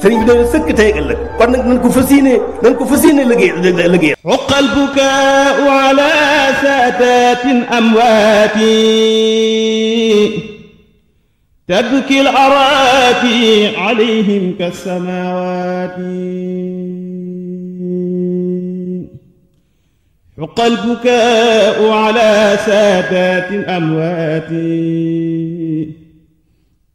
sëriñ bi dana sëkk tey ak ëllëg kon nag nañ ko fas yéene nañ ko fas yéene liggéey liggéey uqa albukaau ala saadatin amwaati tabki al araati alayhim kasamawaati حق البكاء على سادات أمواتي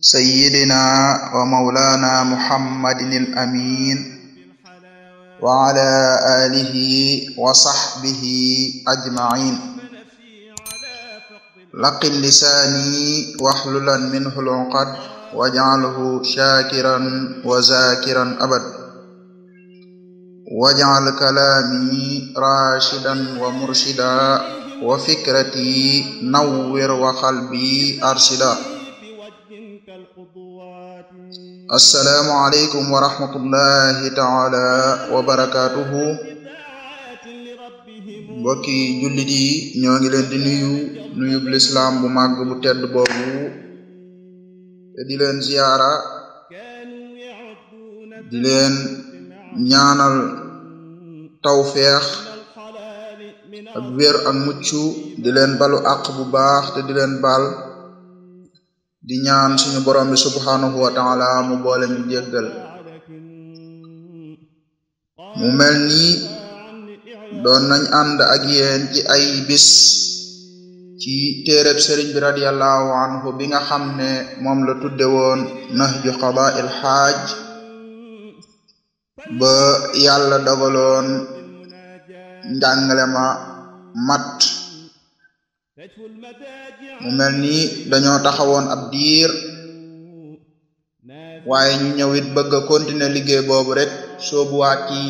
sayyidina wa mawlaana muhammadin al-amiin wa ala aalihi wa sahbihi ajma'iin laqin lisaani wahlulan minhu al-uqad waj'alhu shaakiran wa zaakiran abad waj'al kalaami raashidan wa murshida wa fikrati nawwir wa qalbi arshida assalaamu aleykum wa rahmatullahi taala wa barakaatuhu mbokki jullit yi ñoo ngi leen di nuyu nuyub lislaam bu màgg bu tedd boobu te di leen ziyaara di leen ñaanal tawfeex ak wér ak di leen balu àq bu baax te di leen baal di ñaan suñu borom bi subhanahu wa taala mu boole mi jéggal mu mel nii doon nañ ànd ak yéen ci ay bis ci téereb sëriñ bi radiallahu anhu bi nga xam ne moom la tudde woon nahju qadaa'il xaaj ba yàlla dogaloon njàngale ma mat mu mel dañoo taxawoon ab diir waaye ñu ñëwit bëgg a continuer liggéey boobu rek soobuwaat ci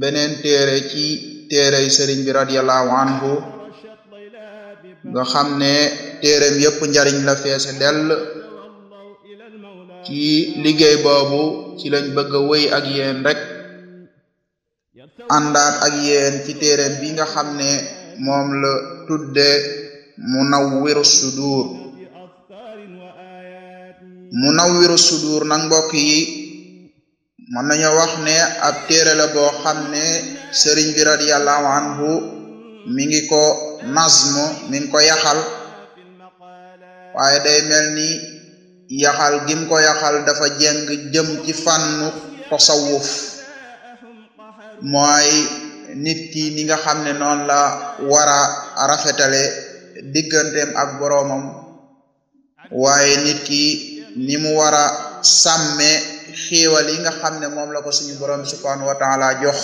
beneen téere ci téerey sëriñ bi radiyallahu anhu nga xam ne téereem yëpp njariñ la feese dell ci liggéey boobu ci lañ bëgg a wéy ak yéen rek àndaat ak ci téereem bi nga xam ne moom la tudde munawwiru sudur munawwiru sudur nag mbokk yi mën nañu wax ne ab téere la boo xam ne sëriñ bi radiyallahu anhu mi ngi ko nazmu mi ngi ko yaxal waaye day mel ni yaxal gim ko yaxal dafa jeng jëm ci fànnu tasawuf mooy nit ki ni nga xam ne noonu la war a rafetale digganteem ak boroomam waaye nit ki ni mu war a sàmme xéewal yi nga xam ne moom la ko suñu boroom subhaanahu wata taala jox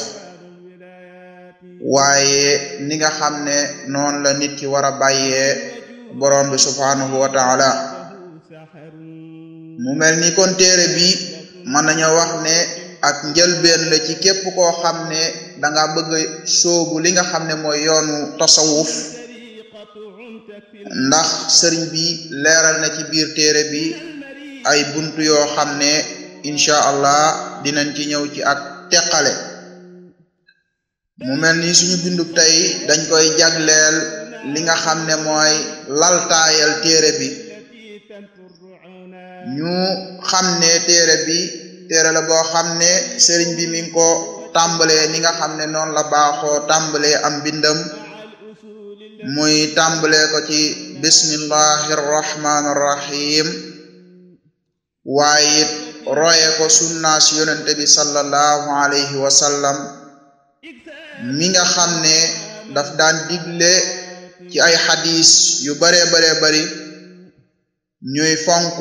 waaye ni nga xam ne noonu la nit ki war a bàyyee boroom bi subhaanahu wa taala mu mel ni kon téere bi mën nañoo ak njëlbeen la ci képp koo xam ne danga bëgg sóobu li nga xam ne mooy yoonu tasawuf ndax sëriñ bi leeral na ci biir téere bi ay bunt yoo xam ne incha allah dinañ ci ñëw ci ak teqale mu mel ni suñu bindu tey dañ koy jagleel li nga xam ne mooy laltaayal téere bi ñu xam ne téere bi téere la boo xam ne sëriñ bi mi ko tàmbalee ni nga xam ne noonu la baaxoo tàmbalee am bindam muy tàmbalee ko ci bismillahi arrahmani arrahim waaye it roye ko bi sallallahu alayhi wa sallam mi nga xam ne daf daan digle ci ay xadis yu bare bare bari ñuy fonk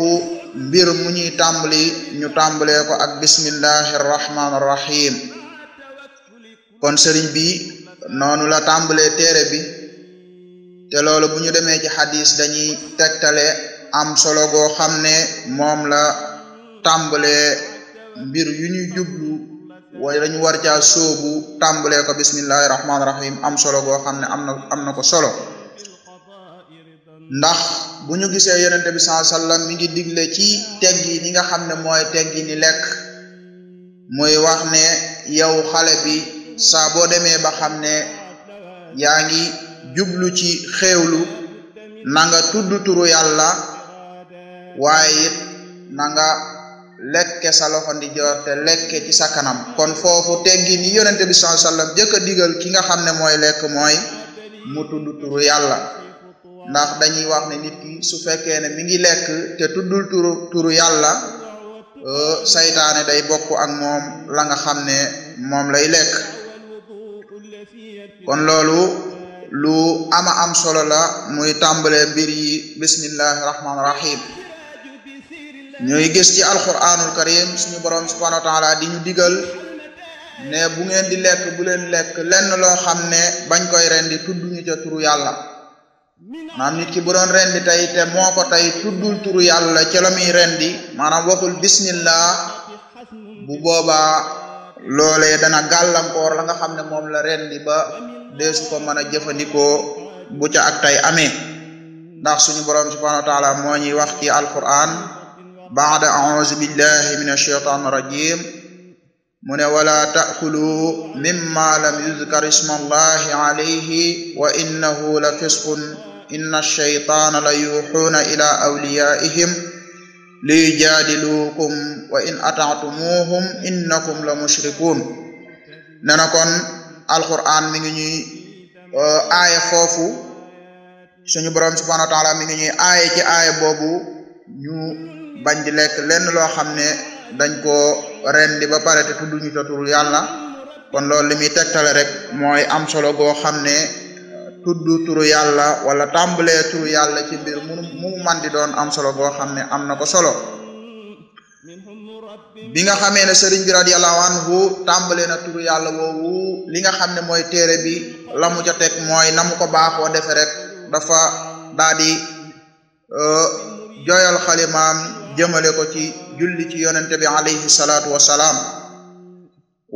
mbir mu ñuy tàmbali ñu tàmbalee ko ak bismillahi arrahmani kon sëriñ bi noonu la tàmbalee téere bi te loolu bu ñu demee ci xadis dañuy tetale am solo goo xam ne moom la tàmbalee mbir yu ñuy jublu waaye dañu war caa sóobu tàmbalee ko bismillahi rahmaani rahim am solo goo xam ne am na am na ko solo ndax bu ñu gisee yonente bi saa sallam mi ngi digle ci teggi ni nga xam ne mooy teggi ni lekk mooy wax ne yow xale bi saa boo demee ba xam ne yaa ngi jublu ci xéewlu nanga tudd turu yàlla waaye it na nga lekke sa loxo ndijoor te lekke ci sa kanam kon foofu teggi ni yonente bi sallallahu alayhi jëkk a digal ki nga xam ne mooy lekk mooy mu tudd turu yàlla ndax dañuy wax ne nit ki su fekkee ne mi ngi lekk te tuddul turu turu yàlla euh, saytaane day bokk ak xam ne moom lay lekk kon loolu lu ama am solo la muy tàmbalee mbir yi bismillahi rahmaani rahim ñooy gis ci alquranul karim suñu borom subhanahu wa taala di ñu digal ne bu ngeen di lekk bu leen lekk lenn loo xam ne bañ koy rendi tudd ñu ca turu yàlla maanaam nit ki bu doon rendi tey te moo ko tey tuddul turu yàlla ca rendi maanaam waxul bismillah bu boobaa loolee dana gàllankoor la nga xam ne moom la rendi ba deesu ko mën a jëfandikoo bu ca ak tay amee ndax suñu borom subhanahu wa taala moo ñuy wax ci alquran baada min ashaitan rajim mu ne wala taakulu mimma lam yuzkar isma allahi wa innahu la fisqun inna ash la yuxuuna ila awliyaihim liyujaadilukum wa in ataatumuhum innakum la mushrikun nana alquran euh, mi ngi ñuy aaye foofu suñu borom subhanahu wa taala mi ngi ñuy ci aaye boobu ñu bañ di lekk lenn loo xam ne dañ koo rendi ba pare te tudduñu te turu yàlla kon loolu li muy tegtale rek mooy am solo goo xam ne tudd turu yàlla wala tàmbalee turu yàlla ci mbir mu mu man doon am solo goo xam ne am na ko solo bi nga xamee ne sëriñ bi radiyallahu anhu tàmbalee na turu yàlla woowu li nga xam ne mooy téere bi la mu ca teg mooy na mu ko baaxoo defe rek dafa daa euh, joyal xalimaam jëmale ko ci julli ci yonente bi alayhi salaatu wasalaam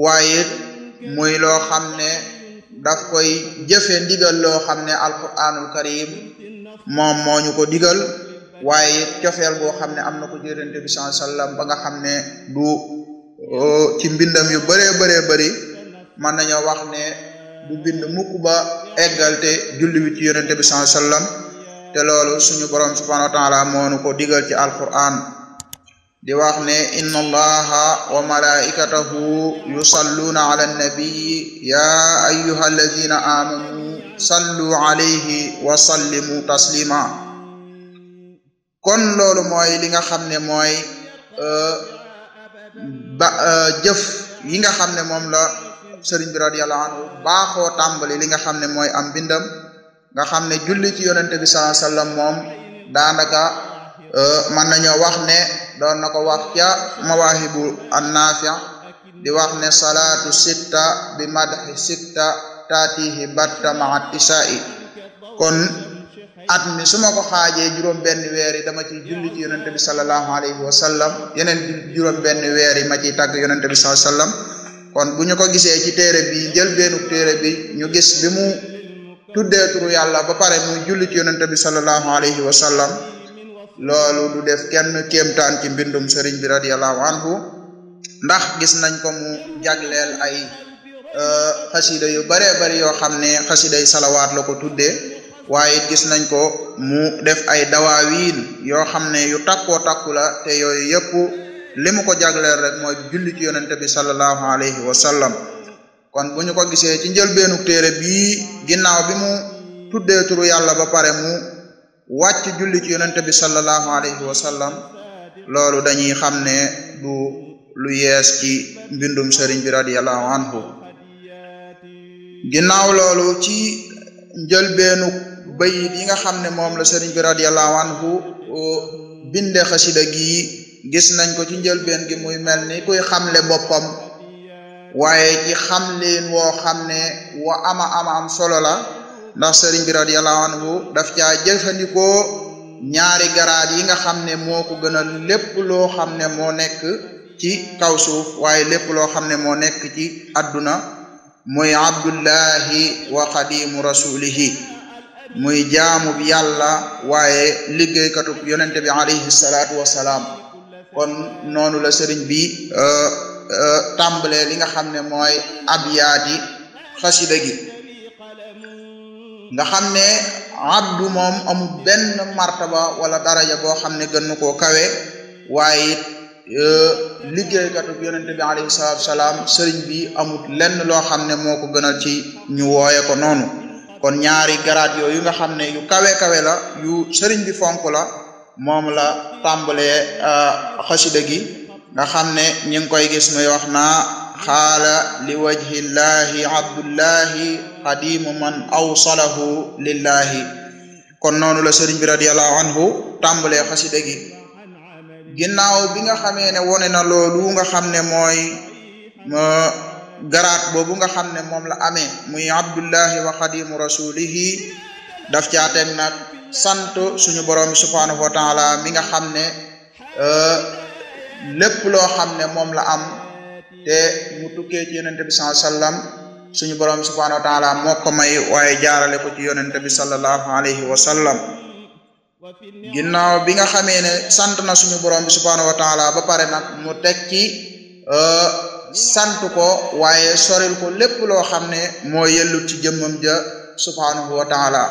waaye muy loo xam ne daf koy jëfe ndigal loo xam ne alquranul karim moom moo ñu ko digal waaye it cofeel boo xam ne am na ko ci yonent bi sallallahu ba nga xam ne du ci mbindam yu bëree bëree bëri mën wax ne du bind mukk ba eggal te julli wi ci yonent bi sallallahu te loolu suñu borom subhanahu wa taala moonu digal ci alquran di wax ne inna allaha wa malaikatahu yusalluna ala annabiyyi ya ayyuha allazina amanu sallu alayhi wa taslima kon loolu mooy li nga xam ne mooy euh, ba euh, jëf yi nga xam ne moom la sëriñ bi radiyallahu anhu baaxoo tàmbali li nga xam ne mooy am bindam nga xam ne julli ci yonente bi sallallahu moom daanaka euh, mën nañoo wax ne doon na ko wax ca mawaahibu an naafi di wax ne salaatu sitta bi madhi sitta taatihi batta maa tisa'i kon at mi su ma ko xaajee juróom benn weer yi dama ciy julli ci yonente bi sallallahu alayhi wa sallam yeneen juróom benn weer yi ma ciy tàgg yonente bi sallallahu sallam kon bu ñu ko gisee ci téere bi jël bennu téere bi ñu gis bi mu tuddee turu yàlla ba pare muy julli ci yonente bi sallallahu alayhi wa sallam loolu du def kenn kéemtaan ci mbindum sëriñ bi radiyallahu anhu ndax gis nañ ko mu jagleel ay euh, xasida yu baree bari yoo xam ne xasiday salawaat la ko tuddee waaye gis nañ ko mu def ay dawaawiin yoo xam ne yu takkoo takku la te yooyu yëpp li mu ko jagleel rek mooy julli ci yonente bi sallallahu alayhi wa sallam kon bu ñu ko gisee ci njëlbeenu téere bii ginnaaw bi mu tuddee yàlla ba pare mu wàcc julli ci yonente bi sallallahu alayhi wa sallam loolu dañuy xam ne du lu yees ci mbindum sëriñ bi radiyallahu anhu ginnaaw loolu ci njëlbeenu bayit yi nga xam ne moom la sëriñ bi radiyallahu anhu uh, binde xasida gi gis nañ ko ci njëlbeen gi muy mel ni xam le boppam waaye ci xamleen woo xam ne wa ama ama am solo la ndax sëriñ bi radiyallahu anhu daf caa jëfandikoo ñaari garaat yi nga xam ne moo ko gënal lépp loo xam ne moo nekk ci kaw suuf waaye lépp loo xam ne moo nekk ci adduna muy abdullahi wa qadimu rasulihi muy jaamub yàlla waaye liggéeykatub yonente bi alayhi salaatu wasalaam kon noonu la sëriñ bi euh, euh, tàmbalee li nga xam ne mooy abyaati xasida gi nga xam ne abdu moom amul benn martaba wala daraja boo xam ne gën koo kawe waaye it euh, liggéeykatub yonente bi alayhi salaatu wasalaam sëriñ bi amul lenn loo xam ne moo ko gënal ci ñu wooye ko noonu kon ñaari garaat yooyu nga xam ne yu kawe kawe la yu sëriñ bi fonk la moom la tàmbalee euh, xasida gi nga xam ne ñu ngi koy gis muy wax naa xaala li wajhillahi abdullahi xadimu man awsalahu lillahi kon noonu la sëriñ bi radiallahu anhu tàmbalee xasida gi ginnaaw bi nga xamee ne na loolu nga xam ne mooy garaat boobu nga xam ne moom la amee muy abdullahi wa xadimu rasulihi daf caa teg nag sant suñu borom bi subhanahu wa taala mi nga xam ne euh, lépp loo xam ne moom la am te mu tukkee ci yonente bi saa jaarale ko ci yonente bi alayhi wa sallam ginnaaw bi nga xamee ne sant na suñu borom bi subhanahu wa taala ba pare nag mu teg ci euh, sant ko waaye soril ko lépp loo xam ne moo yellut ci jëmmam ja subhaanahu wa la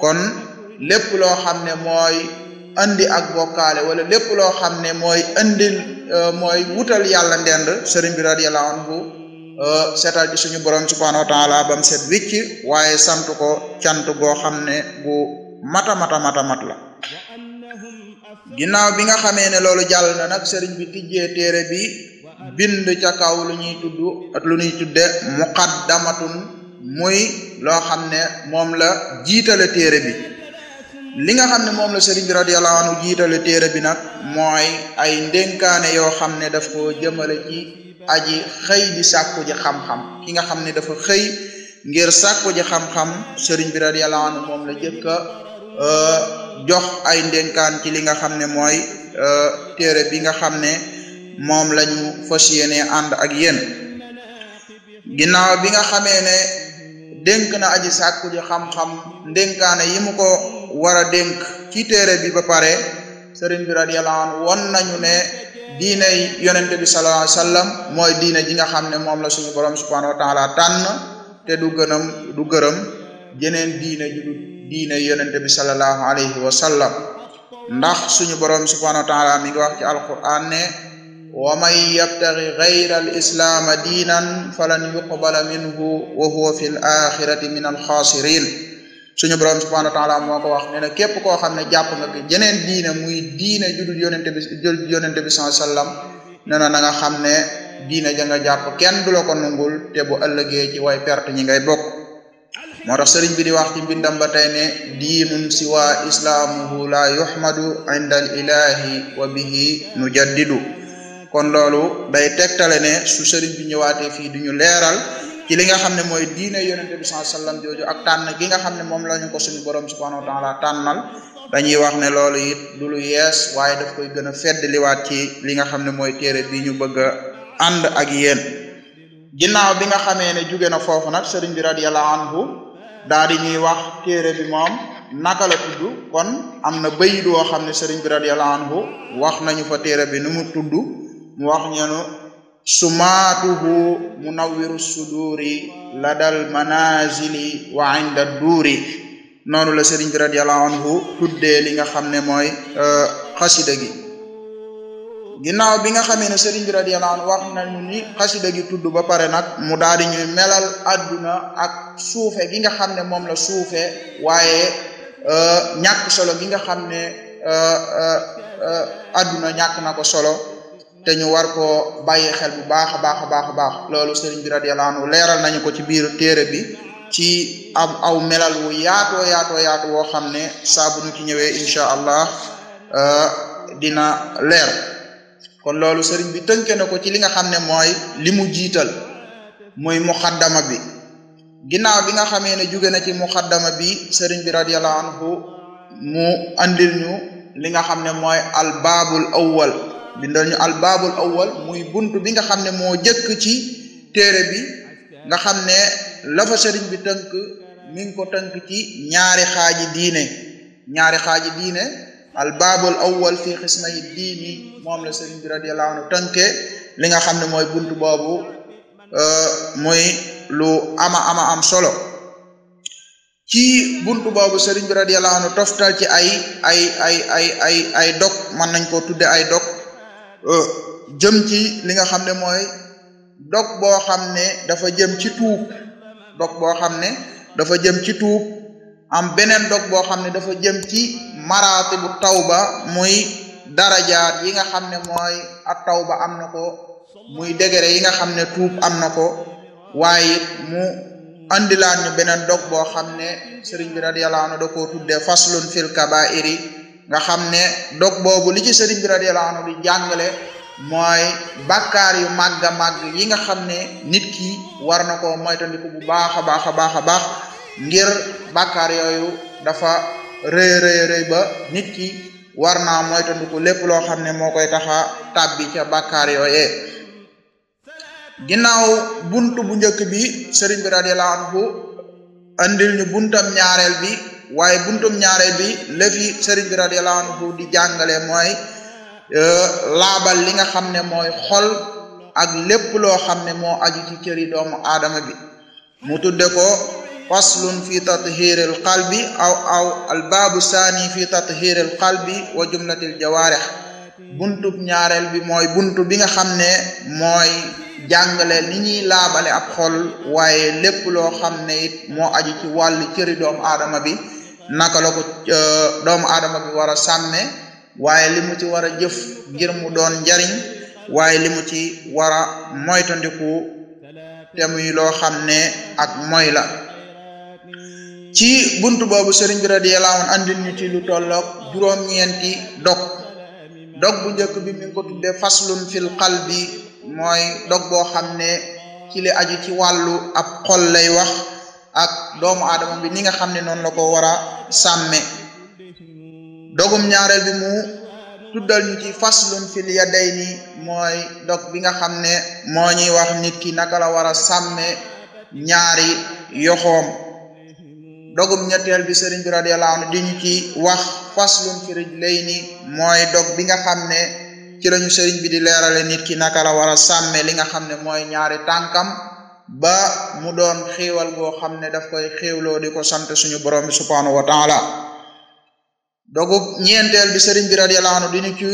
kon lépp loo xam ne mooy indi ak bokkaale wala lépp loo xam ne mooy andi euh, mooy wutal yàlla ndend sëriñ bi radiyallahu anhu euh, seetal ci suñu borom subhaanahu wa taala ba mu set wicc waaye sant ko cant goo xam ne bu mata mata mata mat la ginnaaw bi nga xamee ne loolu jàll na nag sëriñ bi tijjee téere bi bind ca lu ñuy tudd ak lu ñuy tudde muqaddamatun muy loo xam ne moom la jiitale téere bi li nga xam ne moom la sëriñ bi radiyallahu jiitale téere bi nag mooy ay ndénkaane yoo xam ne daf ko jëmale ci aji xëy di sàkku ji xam-xam ki nga xam ne dafa xëy ngir sàkku ji xam-xam sëriñ bi radiyallahu anhu moom la jëkk a euh, jox ay ndénkaan ci li nga xam ne mooy euh, téere bi nga xam ne moom lañu fas yéene ànd ak yéen ginnaaw bi nga xamee ne dénk na aji sàkku ji xam-xam ndénkaane yi mu ko war a dénk ci téere bi ba pare sëriñ bi radiyallahu anhu won nañu ne diine yonente bi sallallahu alayhi mooy diine ji nga xam ne moom la suñu borom subhanahu wa taala tànn te du gënam du gërëm jeneen diine ju du diine yonente bi sallallahu alayhi wasallam ndax suñu borom subhanahu wa taala mi wax ci alquran ne ومن يبتغ غير الإسلام دينا فلن يقبل منه وهو في الآخرة من الخاسرين suñu borom subhanahu wa taala moo ko wax ne na képp koo xam ne jàpp nga jeneen diine muy diine judul yonente bi yonente bi sallallahu alayhi na na nga xam ne diine ja nga jàpp kenn du la ko nungul te bu ëllëgee way perte ñi ngay bokk moo tax sëriñ bi di wax ci mbindam ba tey ne diinun siwa islaamuhu la yuhmadu inda al ilahi wa kon loolu day tegtale ne su sëriñ bi ñëwaatee fii du ñu leeral ci li nga xam ne mooy diine yonente bi sallallahu alayhi jooju ak tànn gi nga xam ne moom la ñu ko suñu borom subhanahu wa taala tànnal dañuy wax ne loolu it du lu yees waaye daf koy gën a fedd liwaat ci li nga xam ne mooy téere bi ñu bëgg ànd ak yéen ginnaaw bi nga xamee ne jugee na foofu nag sëriñ bi radiyallahu anhu daal di ñuy wax téere bi moom naka la tudd kon am na bayit woo xam ne sëriñ bi radiyallahu anhu wax nañu fa téere bi nu mu tudd mu wax ñenu sumaatuhu munawwiru suduri ladal manazili wa inda duuri noonu la sëriñ bi radiyallahu anhu tuddee li nga xam ne mooy euh, xasida gi ginnaaw bi nga xamee ne sëriñ bi radiyallahu anhu wax nañu ni xasida gi tudd ba pare nag mu daal di ñuy melal àdduna ak suufe gi nga xam ne moom la suufe waaye euh, ñàkk solo gi nga xam ne euh, àdduna ñàkk na ko solo te ñu war koo bàyyi xel bu baax a baax a baax a baax loolu sëriñ bi radiyallahu anhu leeral nañu ko ci biir téere bi ci am aw melal wu yaatoo yaatoo yaatu woo xam ne saabu bu ci ñëwee incha allah euh, dina leer kon loolu sëriñ bi tënke na ko ci li nga xam ne mooy li mu jiital muy muxaddama bi ginnaaw bi nga xamee ne jóge na ci muxaddama bi sëriñ bi radiyallahu anhu mu andil ñu li nga xam ne mooy al baabul bindal ñu albaabul awal muy bunt bi nga xam ne moo jëkk ci téere bi nga xam ne la fa sëriñ bi tënk mi ngi ko tënk ci ñaari xaaji diine ñaari xaaji diine albaabul awwal fi xismayi diini moom la sëriñ bi radiyallahu anhu tënkee li nga xam ne mooy bunt boobu euh, mooy lu ama ama am solo ci buntu boobu sëriñ bi radiyallahu anhu toftal ci ay ay ay ay ay ay dog mën nañ ko tudde ay dog Euh, jëm ci li nga xam ne mooy dog boo xam ne dafa jëm ci tuub dog boo xam ne dafa jëm ci tuub am beneen dog boo xam ne dafa jëm ci maraatibu tawba muy dara jaat yi nga xam ne mooy at tawba am na ko muy degré yi nga xam ne tuub am na ko waaye mu andilaan ñu beneen dog boo xam ne sëriñ bi radiyallahu anhu da koo de faslun fil kabairi nga xam ne dog boobu li ci sëriñ bi radiyallahu anhu di jàngale mooy bàkkaar yu màgg a màgg yi nga xam ne nit ki war na ko moytandiku bu baax a baax a baax a baax ngir bàkkaar yooyu dafa rëy rëy rëy ba nit ki war naa moytandiku lépp loo xam ne moo koy taxa tàbbi ca bàkkaar yooyee ginnaaw bunt bu njëkk bi sëriñ bi radiyallahu anhu andil ñu buntam ñaareel bi waaye buntum ñaare bi la fi sëriñ bi radiyallahu anhu di jàngale mooy euh, laabal li nga xam ne mooy xol ak lépp loo xam ne moo aju ci cëri doomu aadama bi mu tudde ko faslun fi tathiril qalbi aw aw albaabu saani fi tathiril qalbi wa jumlatil jawaarih buntub ñaareel bi mooy buntu bi nga xam ne mooy jàngale ni ñuy laabale ab xol waaye lépp loo xam ne it moo aju ci wàllu doomu aadama bi naka la ko euh, doomu aadama bi war a sàmmee waaye limu ci war a jëf ngir mu doon njariñ waaye limu ci war a moytandiku te muy loo xam ne ak moy la ci buntu boobu sëriñ bi radiyallahu anhu ñu ci lu tolloog juróom-ñeenti dog dog bu njëkk bi mi ngi ko tuddee faslun fil qalbi mooy dog boo xam ne ci li aju ci wàllu ab xol lay wax ak doomu aadama bi ni nga xam ne noonu la ko war a sàmme dogum ñaareel bi mu tuddal ñu ci faslun fil yadayni mooy dog bi nga xam ne moo ñuy wax nit ki naka war a sàmme ñaari yoxoom dogum ñetteel bi sëriñ bi radiyallahu anhu di ñu ci wax faslun fi rijlayni mooy dog bi nga xam ci lañu sëriñ bi di leerale nit ki naka la war a sàmme li nga xam ne mooy ñaari tànkam ba mu doon xéewal goo xam ne daf koy xéewloo di ko sant suñu borom bi subhanahu wa taala dogu ñeenteel bi sëriñ bi radiyallahu anhu di ñu ci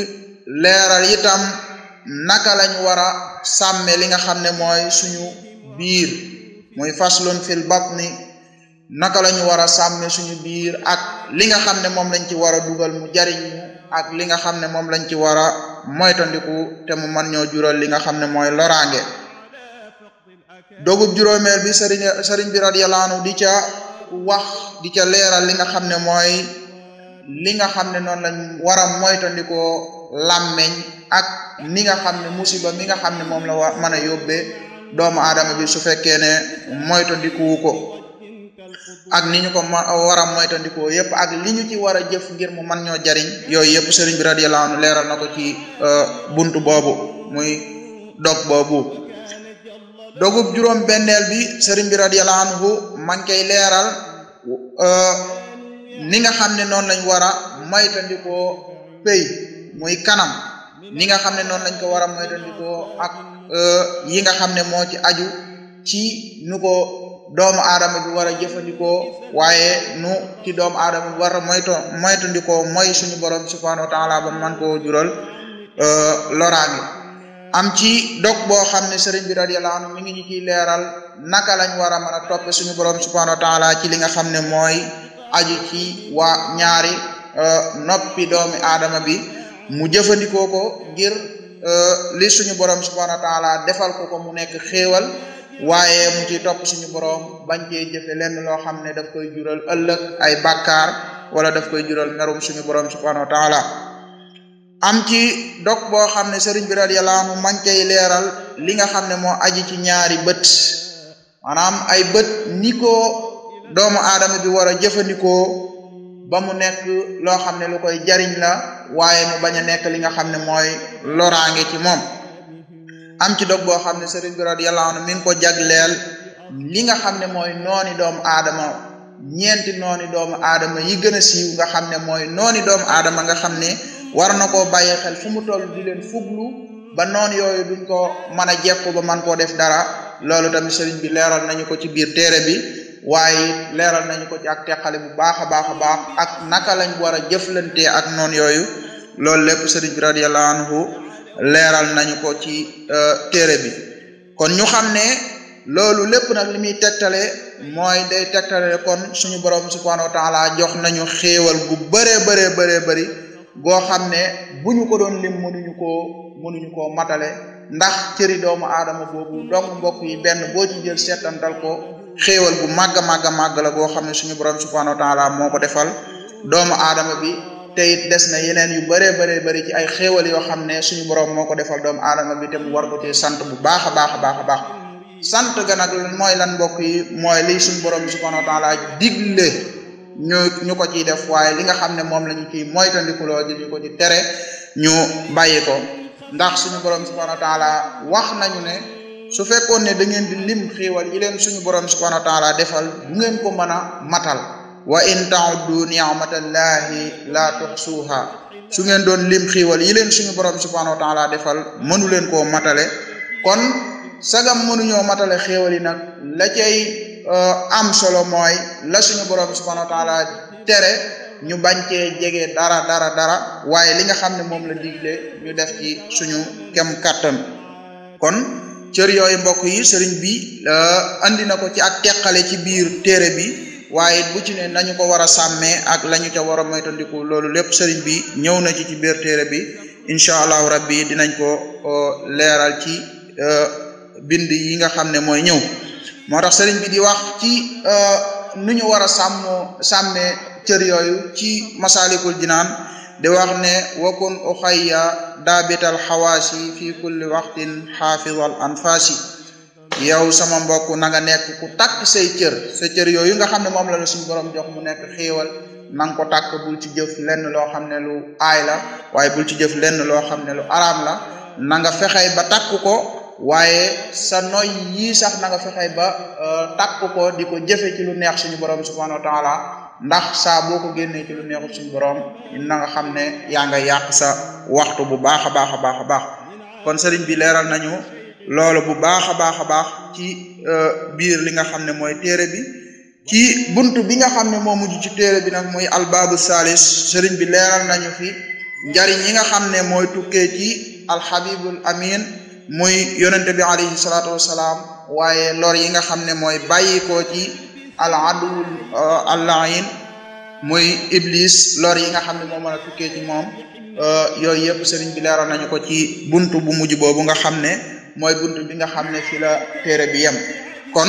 leeral itam naka lañ war a sàmme li nga xam ne mooy suñu biir muy faslun fil batni naka lañu war a sàmme suñu biir ak li nga xam ne moom lañ ci war a dugal mu jariñ ak li nga xam ne moom lañ ci war a moytandiku te mu mën ñoo jural li nga xam ne mooy loraange dogub juróomeel bi sëriñ sëriñ bi radiyallahu anhu di ca wax di ca leeral li nga xam ne mooy li nga xam ne noonu lañ war a moytandikoo làmmeñ ak ni nga xam ne musiba mi nga xam ne moom la war mën a yóbbee doomu aadama bi su fekkee ne moytandikuwu ko ak ni ñu ko ma war a moytandikoo yëpp ak li ñu ci war a jëf ngir mu man ñoo jariñ yooyu yëpp sëriñ bi radiyallahu anhu leeral na ko ci euh, bunt boobu muy dog boobu dogub juróom benneel bi sëriñ bi radiyallahu anhu man kay leeral euh, ni nga xam ne noonu lañ war a moytandikoo pay muy kanam ni nga xam ne noonu lañ ko war a moytandikoo ak euh, yi nga xam ne moo ci aju ci nu ko doomu aadama bi war a jëfandikoo waaye nu ci doomu aadama bi war a moyto moytandikoo mooy suñu borom subhanahu wa taala ba man koo juról euh, loraange am ci dog boo xam ne sëriñ bi radiyallahu anhu mu ngi ñu ciy leeral naka lañ war a mën topp suñu borom subhanahu wa taala ci li nga xam ne mooy aju ci waa ñaari euh, noppi doomi aadama bi mu jëfandikoo ko ngir euh, li suñu borom subhanahu taala defal ko ko mu nekk xéewal waaye mu ci topp suñu borom bañ cee jëfe lenn loo xam ne daf koy jural ëllëg ay bàkkaar wala daf koy jural merum suñu borom subhanahu wa taala am ci dog boo xam ne sëriñ bi radiyallahu anhu man cay leeral li nga xam ne moo aji ci ñaari bët maanaam ay bët ni ko doomu aadama bi war a jëfandikoo ba mu nekk loo xam ne lu koy jariñ la waaye mu bañ a nekk li nga xam ne mooy loraange ci moom am ci dog boo xam ne sëriñ bi radiyallahu anhu mi ngi ko jagleel li nga xam ne mooy nooni doomu aadama ñeenti nooni doomu aadama yi gën a siiw nga xam ne mooy nooni doomu aadama nga xam ne war na koo bàyyi xel fu mu toll di leen fuglu ba noon yooyu duñ ko mën a jekku ba man koo def dara loolu tamit sëriñ bi leeral nañu ko ci biir téere bi waaye leeral nañu ko ci ak teqale bu baax a baax a baax ak naka lañ war a jëflantee ak noon yooyu loolu lépp sëriñ bi radiyallahu anhu leeral nañu ko ci euh, téere bi kon ñu xam ne loolu lépp nag li muy tegtale mooy day tegtale kon suñu borom subhanahu wa jox nañu xéewal gu bëree bëree bëree bëri goo xam ne bu ñu ko doon lim mënuñu koo mënuñu koo matale ndax cëri doomu aadama boobu donc mbokk yi benn boo ci jël seetantal ko xéewal bu màgg a màgg a màgg la goo xam ne suñu borom subhanahu wa moo ko defal doomu aadama bi tey it des na yeneen yu bëree bëree bari ci ay xéewal yoo xam ne suñu borom moo ko defal doomu aadama bi te mu war ko te sant bu baax a baax a baax a baax sant ga nag mooy lan mbokk yi mooy liy suñu borom bi subhanahu wa taala digle ñu ñu ko ciy def waaye li nga xam ne moom la ñu ciy moytandikuloo di ñu ko ci tere ñu bàyyi ko ndax suñu borom bi subhanahu wa taala wax nañu ne su fekkoon ne da ngeen di lim xiiwal yi leen suñu borom bi subhanahu wa taala defal bu ngeen ko mën a matal wa in ta'uddu ni'matallahi la tuhsuha su ngeen doon lim xiiwal yi leen suñu borom bi subhanahu wa defal mënu leen koo matale kon sagam mënuñoo matale xéewal yi nag la cay euh, am solo mooy la suñu borom subhanahu wa taala tere ñu bañ cee jege dara dara dara waaye li nga xam ne moom la digle ñu def ci suñu kem kàttan kon cër yooyu mbokk yi sëriñ bi euh, andi na ko ci ak teqale ci biir téere bi waaye bu ci ne nañu ko war a sàmmee ak lañu ñu ca war a moytandiku loolu lépp sëriñ bi ñëw na ci ci biir téere bi incha allahu rabbi dinañ ko euh, leeral ci bind yi nga xam ne mooy ñëw moo tax sëriñ bi di wax ci euh, nu ñu war a sàmmoo sàmmee cër yooyu ci masalikul jinaan de wax ne wakun uxayya daabital xawaasi fi kulli waxtin xaafidal anfaasi yow sama mbokk na nga nekk ku takk sey cër sa cër yooyu nga xam ne moom la la suñu borom jox mu nekk xéewal na ko tàkk bul ci jëf lenn loo xam ne lu aay la waaye bul ci jëf lenn loo xam ne lu araam la na nga ba takk ko waaye sa noy yii sax na nga fexey ba euh, tàkk ko di ko jëfe ci lu neex suñu borom subhanahu wa taala ndax saa boo ko génnee ci lu neexul suñu boroom na nga xam ne yaa nga yàq sa waxtu bu baax a baax a baax a baax kon sëriñ bi leeral nañu loolu bu baax a baax a baax ci euh, biir li nga xam ne mooy téere bi ci bunt bi nga xam ne moo mujj ci téere bi nag muy albaabu salis sëriñ bi leeral nañu fi njariñ yi nga xam ne mooy tukkee ci alxabibul amin muy yonente bi alayhi salaatu wasalaam waaye lor yi nga xam ne mooy bàyyi ci al aduwul euh, allahin muy iblis lor yi nga xam ne moo mën a tukkee ci moom euh, yooyu yëpp sëriñ bi leeroon nañu ko ci buntu bu mujj boobu nga xam ne mooy buntu bi nga xam ne fi la téere bi yem kon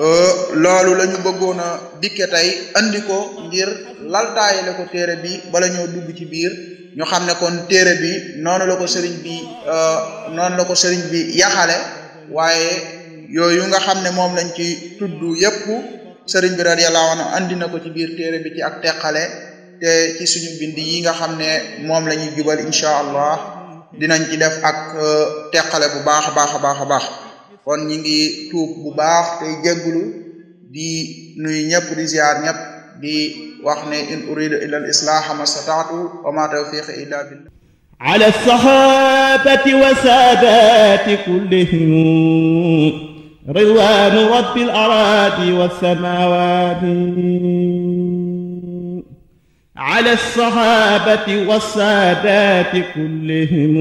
Euh, loolu la ñu bëggoon a dikke tey andi ko ngir laltaayale ko téere bi bala ñoo dugg ci biir ñu xam ne kon téere bi noonu la ko sëriñ bi euh, noonu la ko sëriñ bi yaxale waaye yooyu nga xam ne moom lañ ci tudd yépp sëriñ bi radiyallahu anhu andi na ko ci biir téere bi ci ak teqale te ci suñu bind yi nga xam ne moom la ñuy jubal incha allah dinañ ci def ak euh, teqale bu baax a baax a baax a baax kon ñi ngi tuub bu baax tey jégglu di nuy ñëpp di ziar ñëpp di wax ne in uridu illa al islaaha ma stataatu wa ma tawfiqi illa billah ala sahabati wa saadati kullihim ridwanu rabbil aradi wassamawati ala sahabati wa saadati kullihim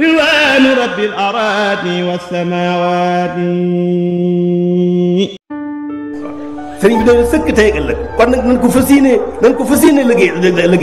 ridwaanu rabbil araadi was samaawaati sëriñ bi dañu sëkk tey ëllëg kon nag nañ ko fas yéene nañ ko fas yéene liggéey liggéey